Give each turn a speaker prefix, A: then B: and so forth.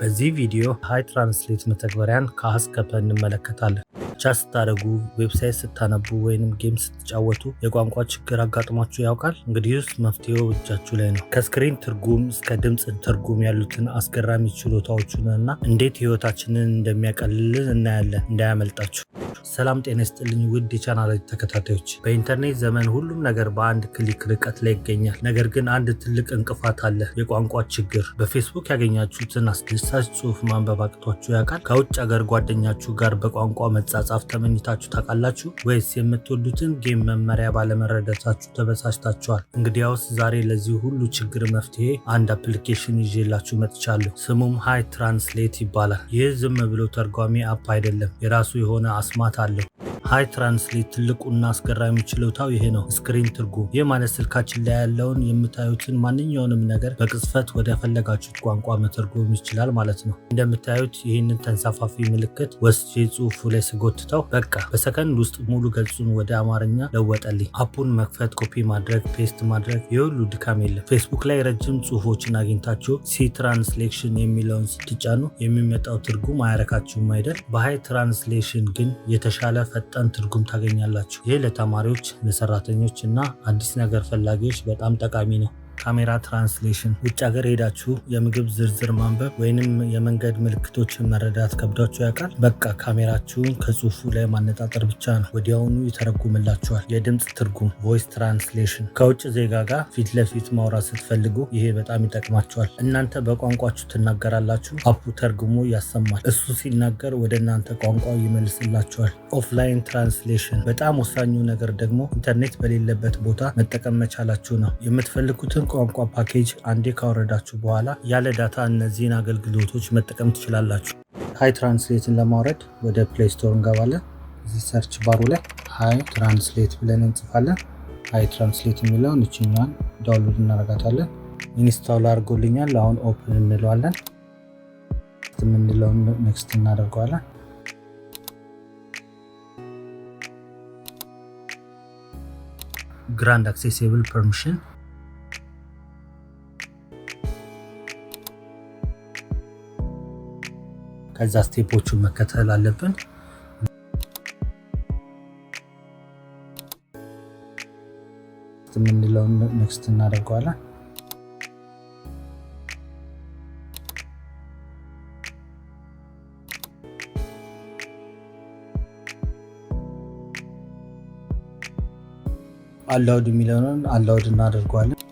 A: በዚህ ቪዲዮ ሃይ ትራንስሌት መተግበሪያን ከአስከፐ እንመለከታለን። ቻት ስታደረጉ፣ ዌብሳይት ስታነቡ ወይም ጌም ስትጫወቱ የቋንቋ ችግር አጋጥሟችሁ ያውቃል? እንግዲህስ መፍትሄው እጃችሁ ላይ ነው። ከስክሪን ትርጉም እስከ ድምፅ ትርጉም ያሉትን አስገራሚ ችሎታዎቹን እና እንዴት ህይወታችንን እንደሚያቀልልን እናያለን። እንዳያመልጣችሁ። ሰላም ጤና ይስጥልኝ ውድ የቻናል ተከታታዮች። በኢንተርኔት ዘመን ሁሉም ነገር በአንድ ክሊክ ርቀት ላይ ይገኛል። ነገር ግን አንድ ትልቅ እንቅፋት አለ፣ የቋንቋ ችግር። በፌስቡክ ያገኛችሁትን አስደሳች ጽሁፍ ማንበብ አቅቷችሁ ያውቃል? ከውጭ አገር ጓደኛችሁ ጋር በቋንቋ መጻ መጽሐፍ ተመኝታችሁ ታውቃላችሁ ወይስ የምትወዱትን ጌም መመሪያ ባለመረዳታችሁ ተበሳጭታችኋል? እንግዲያውስ ዛሬ ለዚህ ሁሉ ችግር መፍትሄ አንድ አፕሊኬሽን ይዤላችሁ መጥቻለሁ። ስሙም ሃይ ትራንስሌት ይባላል። ይህ ዝም ብሎ ተርጓሚ አፕ አይደለም፣ የራሱ የሆነ አስማት አለው። ሃይ ትራንስሌት ትልቁና አስገራሚ ችሎታው ይሄ ነው። ስክሪን ትርጉም። ይህ ማለት ስልካችን ላይ ያለውን የምታዩትን ማንኛውንም ነገር በቅጽበት ወደ ፈለጋችሁት ቋንቋ መተርጎም ይችላል ማለት ነው። እንደምታዩት ይህንን ተንሳፋፊ ምልክት ወስጄ ጽሁፉ ላይ ስጎትተው በቃ በሰከንድ ውስጥ ሙሉ ገጹን ወደ አማርኛ ለወጠልኝ። አፑን መክፈት፣ ኮፒ ማድረግ፣ ፔስት ማድረግ፣ የሁሉ ድካም የለም። ፌስቡክ ላይ ረጅም ጽሁፎችን አግኝታችሁ ሲ ትራንስሌሽን የሚለውን ስትጫኑ የሚመጣው ትርጉም አያረካችሁም አይደል? በሃይ ትራንስሌሽን ግን የተሻለ ፈጣ መጠን ትርጉም ታገኛላችሁ። ይህ ለተማሪዎች ለሰራተኞች እና አዲስ ነገር ፈላጊዎች በጣም ጠቃሚ ነው። ካሜራ ትራንስሌሽን። ውጭ ሀገር ሄዳችሁ የምግብ ዝርዝር ማንበብ ወይንም የመንገድ ምልክቶችን መረዳት ከብዷችሁ ያውቃል? በቃ ካሜራችሁን ከጽሁፉ ላይ ማነጣጠር ብቻ ነው፣ ወዲያውኑ ይተረጉምላችኋል። የድምፅ ትርጉም ቮይስ ትራንስሌሽን። ከውጭ ዜጋ ጋር ፊት ለፊት ማውራት ስትፈልጉ ይሄ በጣም ይጠቅማችኋል። እናንተ በቋንቋችሁ ትናገራላችሁ፣ አፑ ተርጉሞ ያሰማል። እሱ ሲናገር ወደ እናንተ ቋንቋ ይመልስላችኋል። ኦፍላይን ትራንስሌሽን በጣም ወሳኙ ነገር ደግሞ ኢንተርኔት በሌለበት ቦታ መጠቀም መቻላችሁ ነው። የምትፈልጉትን ቋንቋ ፓኬጅ አንዴ ካወረዳችሁ በኋላ ያለ ዳታ እነዚህን አገልግሎቶች መጠቀም ትችላላችሁ። ሃይ ትራንስሌትን ለማውረድ ወደ ፕሌይ ስቶር እንገባለን። እዚህ ሰርች ባሩ ላይ ሃይ ትራንስሌት ብለን እንጽፋለን። ሃይ ትራንስሌት የሚለውን እችኛን ዳውንሎድ እናረጋታለን። ኢንስታል አድርጎልኛል። አሁን ኦፕን እንለዋለን። የምንለውን ኔክስት እናደርገዋለን። ግራንድ አክሴሲብል ፐርሚሽን ከዛ ስቴፖቹን መከተል አለብን። የምንለው ኔክስት እናደርገዋለን። አላውድ የሚለውን አላውድ እናደርገዋለን።